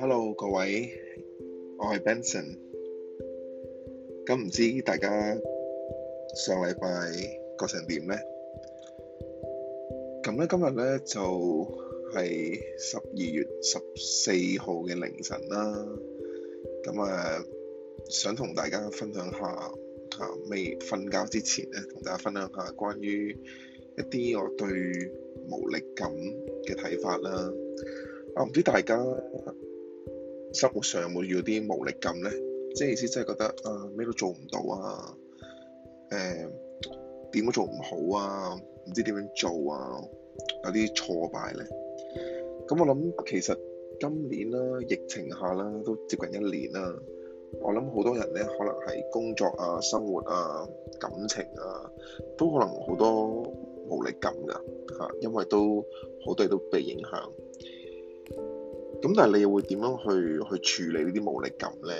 Hello，各位，我係 Benson。咁唔知大家上禮拜過成點呢？咁咧今日咧就係十二月十四號嘅凌晨啦。咁啊，想同大家分享下，未瞓覺之前咧，同大家分享下關於。一啲我對無力感嘅睇法啦。我、啊、唔知大家生活上有冇遇到啲無力感呢？即係意思即係覺得啊，咩都做唔到啊，誒、啊，點都做唔好啊，唔知點樣做啊，有啲挫敗呢。咁我諗，其實今年啦、啊，疫情下啦，都接近一年啦。我諗好多人呢，可能係工作啊、生活啊、感情啊，都可能好多。無力感噶嚇，因為都好多嘢都被影響。咁但係你又會點樣去去處理呢啲無力感咧？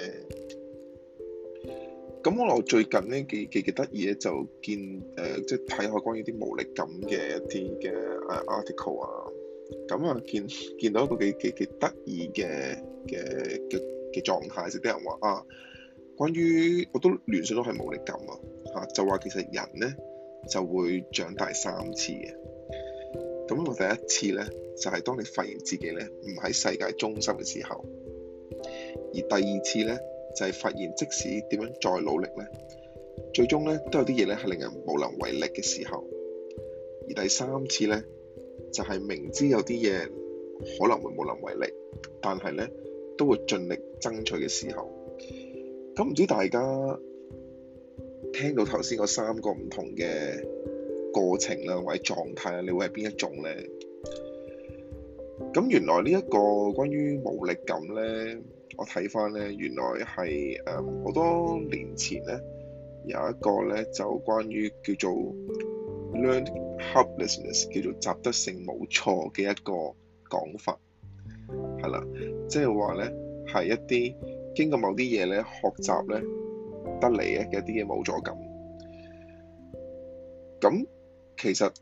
咁我最近咧幾幾幾得意咧，就見誒即係睇下關於啲無力感嘅一啲嘅誒 article 啊。咁啊見見到一個幾幾幾得意嘅嘅嘅嘅狀態，就啲人話啊，關於我都聯想到係無力感啊嚇，就話其實人咧。就會長大三次嘅，咁我第一次呢，就係當你發現自己呢唔喺世界中心嘅時候，而第二次呢，就係發現即使點樣再努力呢，最終呢都有啲嘢呢係令人無能為力嘅時候，而第三次呢，就係明知有啲嘢可能會無能為力，但係呢都會盡力爭取嘅時候。咁唔知大家，聽到頭先嗰三個唔同嘅過程啊，或者狀態啊，你會係邊一種呢？咁原來呢一個關於無力感呢，我睇翻呢，原來係誒好多年前呢，有一個呢，就關於叫做 learned helplessness 叫做習得性冇錯嘅一個講法，係啦，即係話呢，係一啲經過某啲嘢呢，學習呢。得嚟嘅一啲嘢無助感，咁其實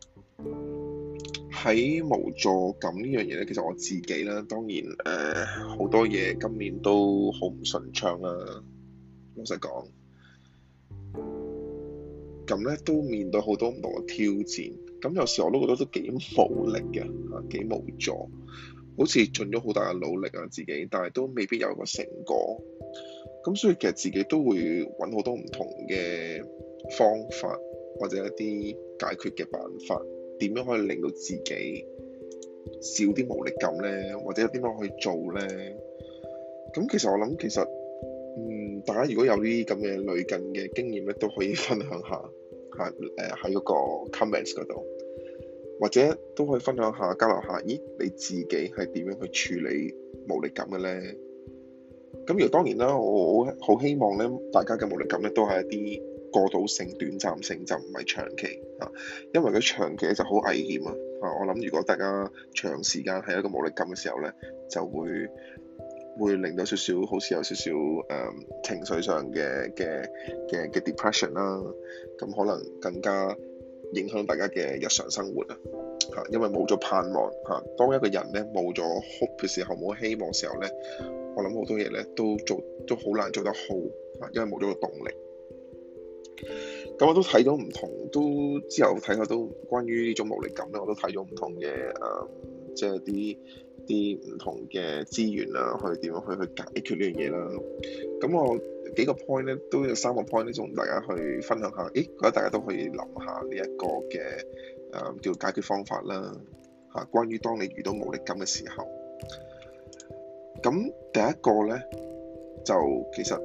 喺無助感呢樣嘢咧，其實我自己咧，當然誒好、呃、多嘢今年都好唔順暢啦，啊，老實講，咁咧都面對好多唔同嘅挑戰，咁有時我都覺得都幾無力嘅，嚇幾無助，好似盡咗好大嘅努力啊自己，但係都未必有個成果。咁所以其實自己都會揾好多唔同嘅方法，或者一啲解決嘅辦法，點樣可以令到自己少啲無力感呢？或者點樣可以做呢？咁其實我諗，其實嗯，大家如果有呢啲咁嘅類近嘅經驗咧，都可以分享下，嚇誒喺嗰個 comments 嗰度，或者都可以分享下，交流下，咦你自己係點樣去處理無力感嘅呢？咁而當然啦，我好希望咧，大家嘅無力感咧都係一啲過渡性、短暫性，就唔係長期嚇。因為佢長期就好危險啊！嚇，我諗如果大家長時間喺一個無力感嘅時候咧，就會會令到少少好似有少少誒情緒上嘅嘅嘅嘅 depression 啦。咁可能更加影響大家嘅日常生活啊。嚇，因為冇咗盼望嚇。當一個人咧冇咗 hope 嘅時候，冇希望時候咧。我諗好多嘢咧，都做都好難做得好啊，因為冇咗個動力。咁我都睇到唔同，都之後睇下都關於呢種無力感咧，我都睇咗唔同嘅誒、呃，即係啲啲唔同嘅資源啦，去點樣去去解決呢樣嘢啦。咁我幾個 point 咧，都有三個 point 咧，仲大家去分享下，誒，覺得大家都可以諗下呢一個嘅誒叫解決方法啦。吓，關於當你遇到無力感嘅時候。咁第一個咧，就其實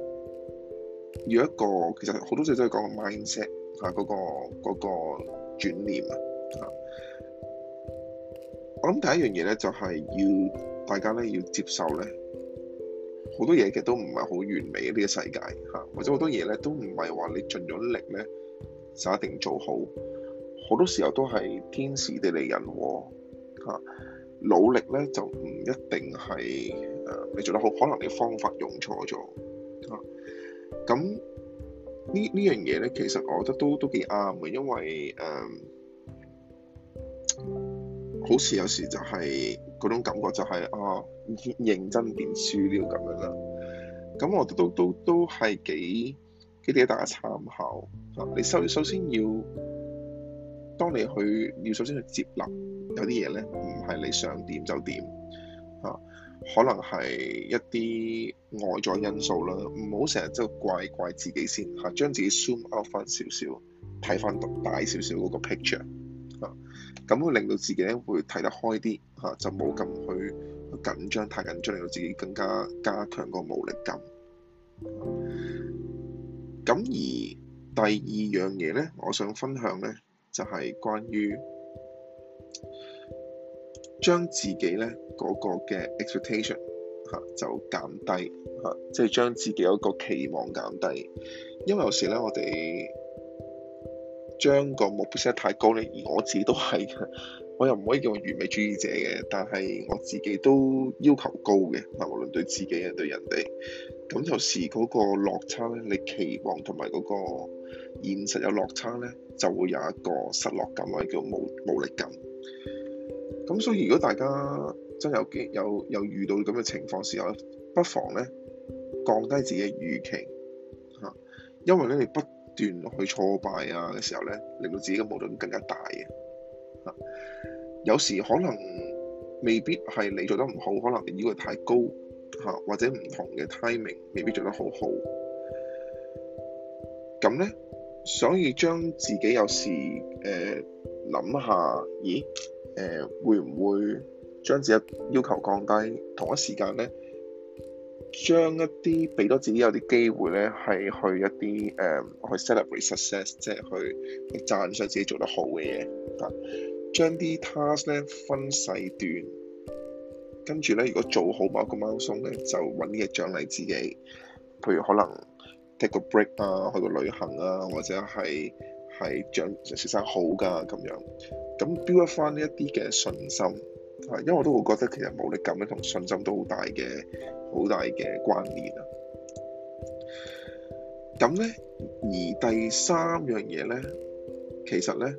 要一個其實好多時都係個 mindset 嚇、嗰個，嗰、嗰個嗰轉念啊。我諗第一樣嘢咧，就係、係、要大家咧要接受咧，好多嘢其實都唔係好完美呢、呢個世界嚇、啊，或者好多嘢咧都唔係話你盡咗力咧就一定做好，好多時候都係天時地利人和、啊努力咧就唔一定係誒你做得好，可能你方法用錯咗啊。咁呢呢樣嘢咧，其實我覺得都都幾啱嘅，因為誒、啊、好似有時就係、是、嗰種感覺就係、是、啊認真變輸了咁樣啦。咁、啊、我到到都都都都係幾幾啲大家參考啊！你首首先要當你去你要首先去接納。有啲嘢咧，唔係你想點就點，嚇、啊，可能係一啲外在因素啦，唔好成日即係怪怪自己先，嚇、啊，將自己 zoom out 翻少少，睇翻大少少嗰個 picture，嚇、啊，咁會令到自己咧會睇得開啲，嚇、啊，就冇咁去緊張，太緊張令到自己更加加強個無力感。咁、啊、而第二樣嘢咧，我想分享咧，就係、是、關於。將自己呢嗰個嘅 expectation 吓就減低吓，即係將自己有一個期望減低。因為有時呢，我哋將個目標 set 得太高呢，而我自己都係，我又唔可以叫我完美主義者嘅。但係我自己都要求高嘅，無論對自己啊，對人哋。咁有時嗰個落差呢，你期望同埋嗰個現實有落差呢，就會有一個失落感，或者叫無無力感。咁所以如果大家真有機有有遇到咁嘅情況時候，不妨呢，降低自己嘅預期吓、啊，因為咧你不斷去挫敗啊嘅時候呢，令到自己嘅矛盾更加大嘅、啊、有時可能未必係你做得唔好，可能你呢個太高吓、啊，或者唔同嘅 timing 未必做得好好。咁呢，所以將自己有時誒。呃諗下，咦？誒、呃，會唔會將自己要求降低？同一時間咧，將一啲俾多自己有啲機會咧，係去一啲誒、呃、去 celebrate success，即係去，去讚賞自己做得好嘅嘢。啊，將啲 task 咧分細段，跟住咧如果做好某一個 milestone 咧，就揾啲嘢獎勵自己。譬如可能 take 個 break 啊，去個旅行啊，或者係。係長先生好噶，咁樣，咁 build 一翻呢一啲嘅信心。係因為我都會覺得其實無力感咧同信心都好大嘅、好大嘅關聯啊。咁咧，而第三樣嘢咧，其實咧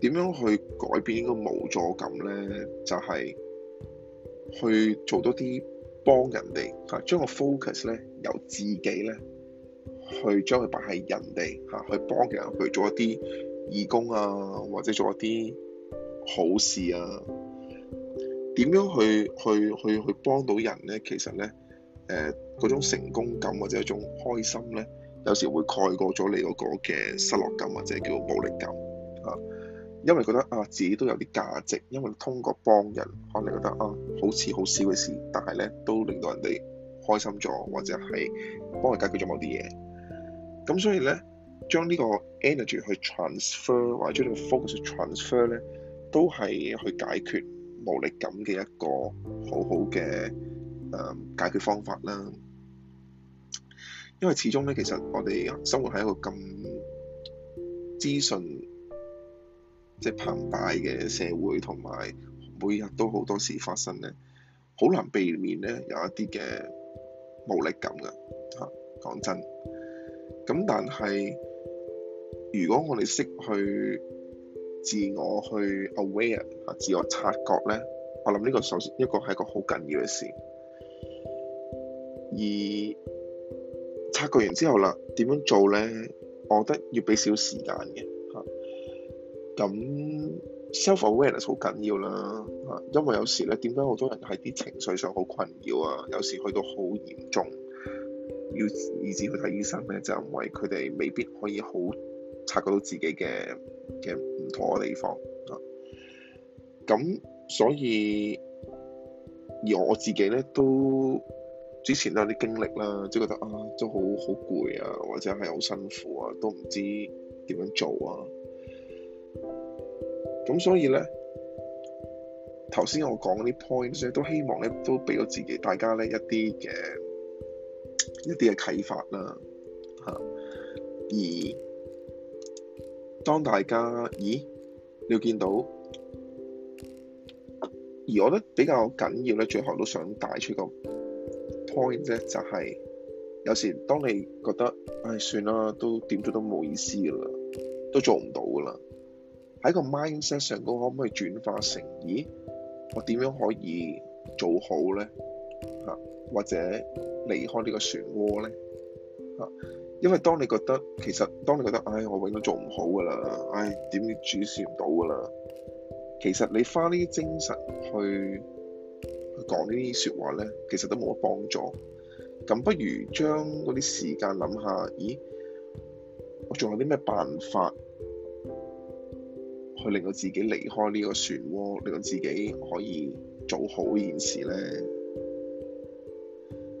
點樣去改變呢個無助感咧，就係、是、去做多啲幫人哋，啊，將個 focus 咧由自己咧。去將佢擺喺人哋嚇，去幫其他人，去做一啲義工啊，或者做一啲好事啊。點樣去去去去幫到人呢？其實呢，誒嗰種成功感或者一種開心呢，有時會蓋過咗你嗰個嘅失落感或者叫無力感啊。因為覺得啊，自己都有啲價值，因為通過幫人，可能覺得啊，好似好少嘅事，但係呢都令到人哋開心咗，或者係幫佢解決咗某啲嘢。咁所以咧，將呢個 energy 去 transfer 或者將呢個 focus transfer 咧，都係去解決無力感嘅一個好好嘅誒解決方法啦。因為始終咧，其實我哋生活喺一個咁資訊即係澎湃嘅社會，同埋每日都好多事發生咧，好難避免咧有一啲嘅無力感㗎吓。講真。咁但係，如果我哋識去自我去 aware 啊，自我察覺咧，我諗呢個首先一個係個好緊要嘅事。而察覺完之後啦，點樣做咧？我覺得要俾少時間嘅吓。咁，啊，self awareness 好緊要啦吓，啊，因為有時咧，點解好多人喺啲情緒上好困擾啊？有時去到好嚴重。要以至去睇醫生咧，就係、因為佢哋未必可以好察覺到自己嘅嘅唔妥嘅地方啊。咁所以而我自己咧，都之前都有啲經歷啦，即係覺得啊，都好好攰啊，或者係好辛苦啊，都唔知點樣做啊。咁所以咧，頭先我講嗰啲 point 咧，都希望咧都俾咗自己大家咧一啲嘅。一啲嘅啟發啦，嚇、啊！而當大家，咦？你要見到，而我覺得比較緊要咧，最後都想帶出個 point 啫，就係、是、有時當你覺得，唉、哎，算啦，都點咗都冇意思噶啦，都做唔到噶啦，喺個 mindset 上高可唔可以轉化成，咦？我點樣可以做好咧？或者離開呢個漩渦呢？因為當你覺得其實，當你覺得，唉，我永遠都做唔好噶啦，唉，點都轉變唔到噶啦，其實你花呢啲精神去，去講呢啲説話呢，其實都冇乜幫助。咁不如將嗰啲時間諗下，咦，我仲有啲咩辦法去令到自己離開呢個漩渦，令到自己可以做好呢件事呢？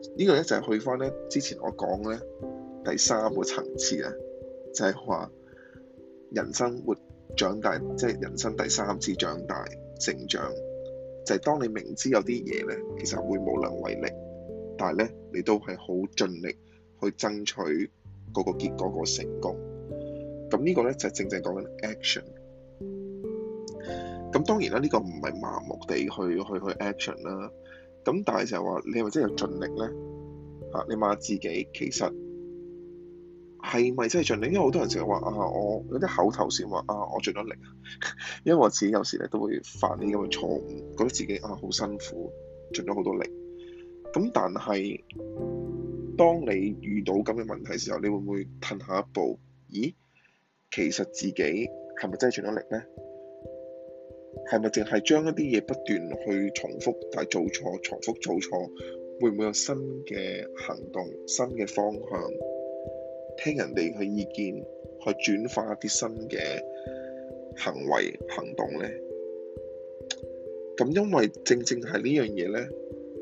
個呢個咧就係、是、去翻咧之前我講咧第三個層次啊，就係、是、話人生活長大，即、就、係、是、人生第三次長大成長，就係、是、當你明知有啲嘢咧，其實會無能為力，但係咧你都係好盡力去爭取嗰個結果個成功。咁、這個、呢個咧就是、正正講緊 action。咁當然啦，呢、這個唔係麻木地去去去 action 啦。咁但係成日話你係咪真係有盡力咧？嚇，你問下自己，其實係咪真係盡力？因為好多人成日話啊，我有啲口頭禪話啊，我盡咗力了， 因為我自己有時咧都會犯啲咁嘅錯誤，覺得自己啊好辛苦，盡咗好多力。咁但係，當你遇到咁嘅問題時候，你會唔會褪下一步？咦，其實自己係咪真係盡咗力咧？係咪淨係將一啲嘢不斷去重複，但係做錯，重複做錯，會唔會有新嘅行動、新嘅方向？聽人哋嘅意見，去轉化一啲新嘅行為行動呢？咁因為正正係呢樣嘢呢，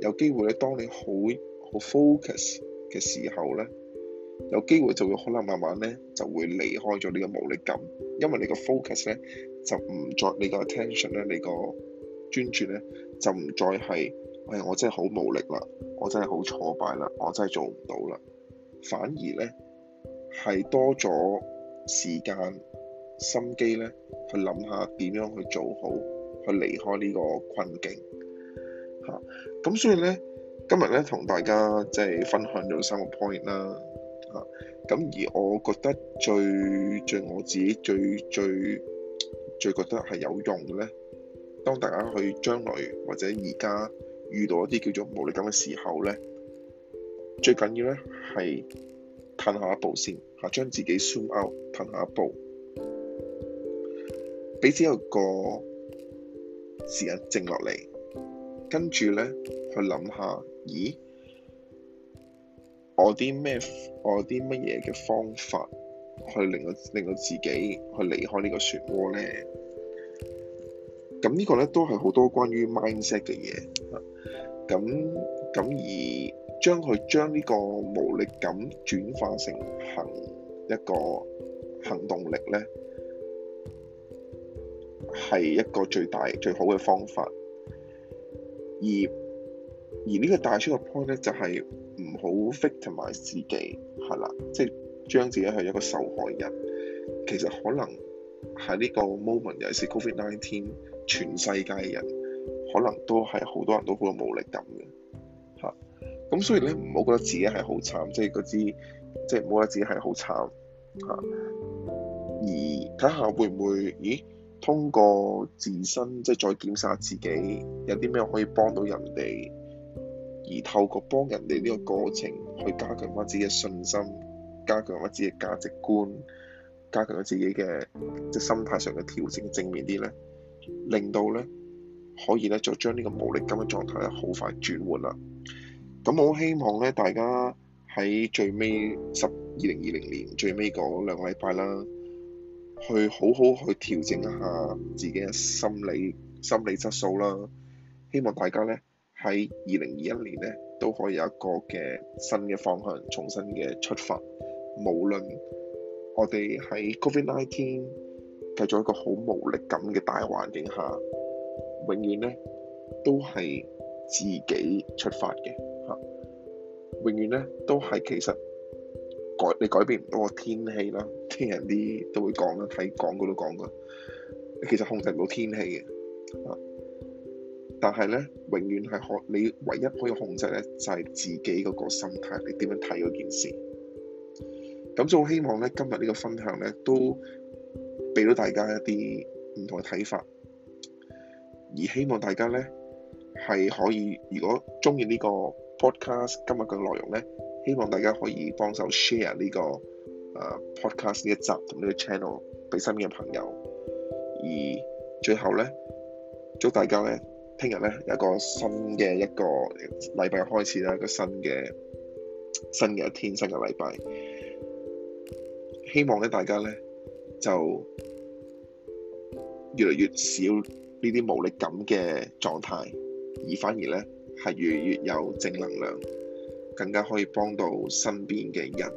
有機會咧，當你好好 focus 嘅時候呢，有機會就會可能慢慢呢，就會離開咗你嘅無力感，因為你個 focus 呢。就唔再你個 attention 咧，你個專注咧，就唔再係誒。我真係好無力啦，我真係好挫敗啦，我真係做唔到啦。反而咧係多咗時間心機咧，去諗下點樣去做好，去離開呢個困境嚇。咁、啊、所以咧，今日咧同大家即係分享咗三個 point 啦、啊、嚇。咁而我覺得最最我自己最最。最最覺得係有用嘅咧，當大家去將來或者而家遇到一啲叫做無力感嘅時候咧，最緊要咧係褪下一步先，吓將自己 zoom out，褪下一步，俾自己一個時間靜落嚟，跟住咧去諗下，咦，我啲咩，我啲乜嘢嘅方法？去令到令我自己去離開個呢個漩渦咧，咁呢個咧都係好多關於 mindset 嘅嘢，咁咁而將佢將呢個無力感轉化成行一個行動力咧，係一個最大最好嘅方法。而而呢個帶出個 point 咧，就係唔好 victimize 自己係啦，即係。將自己係一個受害人，其實可能喺呢個 moment 尤其係 COVID-19 全世界人可能都係好多人都好有無力感嘅，嚇，咁所以咧唔好覺得自己係好慘，即係嗰啲即係唔好覺得自己係好慘嚇，而睇下會唔會，咦？通過自身即係再檢視自己有啲咩可以幫到人哋，而透過幫人哋呢個過程去加強翻自己嘅信心。加強咗自己嘅價值觀，加強咗自己嘅即係心態上嘅調整，正面啲咧，令到咧可以咧就將呢個無力感嘅狀態咧好快轉換啦。咁我好希望咧，大家喺最尾十二零二零年最尾嗰兩個禮拜啦，去好好去調整一下自己嘅心理心理質素啦。希望大家咧喺二零二一年咧都可以有一個嘅新嘅方向，重新嘅出發。無論我哋喺 COVID nineteen 繼續一個好無力感嘅大環境下，永遠咧都係自己出發嘅嚇、啊。永遠咧都係其實改你改變唔到個天氣啦，聽人啲都會講啦，睇廣告都講噶。其實控制唔到天氣嘅嚇、啊，但係咧永遠係可你唯一可以控制咧就係、是、自己嗰個心態，你點樣睇嗰件事？咁就希望咧，今日呢個分享咧都俾到大家一啲唔同嘅睇法，而希望大家咧係可以，如果中意呢個 podcast 今日嘅內容咧，希望大家可以幫手 share 呢個誒 podcast 呢一集同呢個 channel 俾身邊嘅朋友。而最後咧，祝大家咧聽日咧有一個新嘅一個禮拜開始啦，一個新嘅新嘅一天，新嘅禮拜。希望咧，大家咧就越嚟越少呢啲無力感嘅狀態，而反而咧係越嚟越有正能量，更加可以幫到身邊嘅人。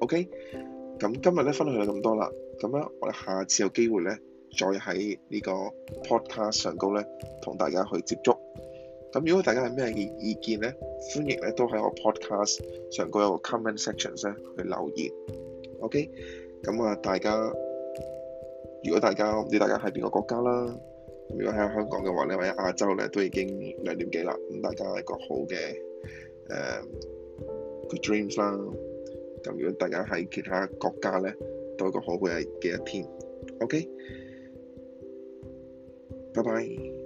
OK，咁今日咧分享到咁多啦，咁樣我哋下次有機會咧，再喺呢個 podcast 上高咧，同大家去接觸。咁如果大家係咩意意見咧，歡迎咧都喺我 podcast 上高有個 comment section 咧去留言。OK，咁、嗯、啊，大家如果大家唔知大家喺邊個國家啦，如果喺香港嘅話咧，或者亞洲咧都已經兩點幾啦，咁大家一個好嘅誒、呃、good dreams 啦。咁、嗯、如果大家喺其他國家咧，都有一個好嘅嘅一天。OK，拜拜。